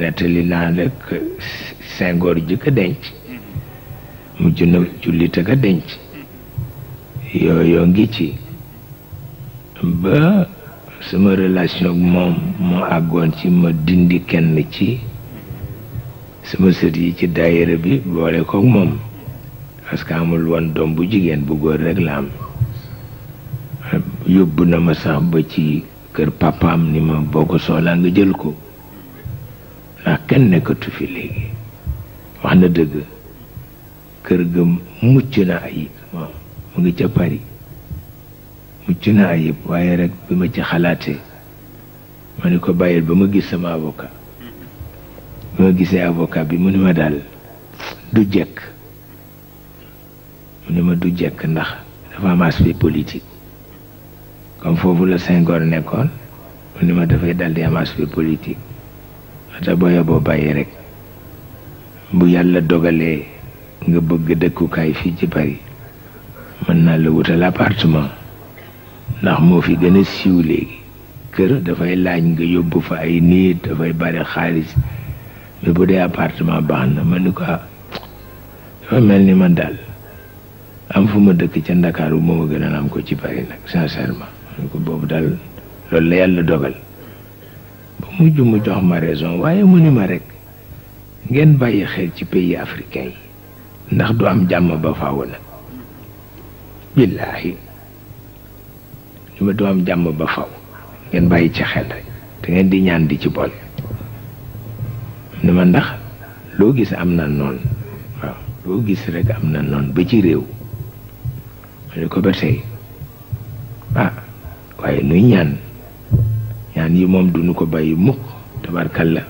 nettali naa nag Senghor jëkk a denc mujj na jullit ak a denc yooyu ngi ci ba sama relation moom moo àggoon ci ma dindi kenn ci sama set yi ci daayira bi boole kook moom parce amul woon doom bu jigéen bu góor rek la am yóbbu na ma sax ba ci kër papaam ni ma boo ko soxlaa nga jël ko kenn nekkatu fi léegi wax na dëgg kër ga mucc na ayib waaw mu ngi ca Paris mucc na ayib waaye rek bi ma ci xalaatee ma ni ko bàyyil ba ma gis sama avocat ba ma gisee avocat bi mu ne ma daal du jekk mu ne ma du jekk ndax dafa am aspect politique comme foofu la Senghor nekkoon mu ne ma dafay dal di am aspect politique te booye boo bàyyi rek bu yàlla dogalee nga bëgg dëkkukaay fii ci Paris mën naa la wutal appartement ndax moo fi gën a siiw léegi kër dafay laaj nga yóbbu fa ay nit dafay bari xaalis mais bu dee appartement baax na ma ni ko ah, dafa mel ni man daal am fu ma dëkk ca Ndakaaru moo ma gën a am ko ci Paris nag sincèrement ma ni ko boobu daal loolu la yàlla dogal mujj mu jox ma raison waaye mu ni ma rek ngeen bàyyi xel ci pays africain yi ndax du am jàmm ba faaw nag am jàmm ba faw ngeen bàyyi ci xel rek te ngeen di ñaan di ci boole ni ma ndax loo gis am na noon waaw loo gis rek am na noon ba ci réew ma ko ba tey ah waaye nuy ñaan ñaan yi moom duñu ko bàyyi mukk tabarkalla